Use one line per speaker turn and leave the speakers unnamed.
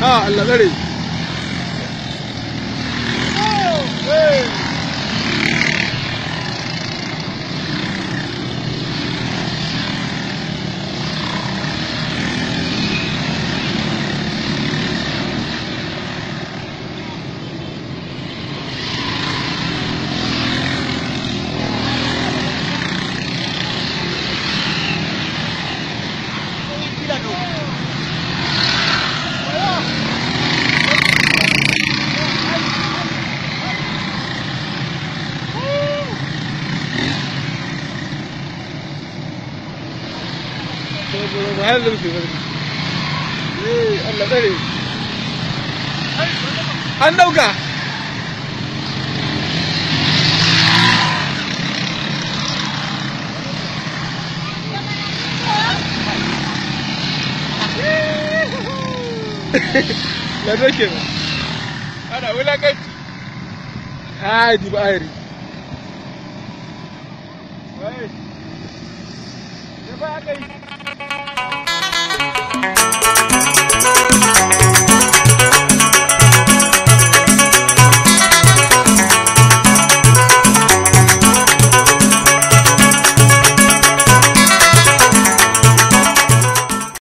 ها الا اللبري
هذا مشي الله بلي أنا وقع
لا ركب أنا ولا قلت عادي بقاري كويس يا بقى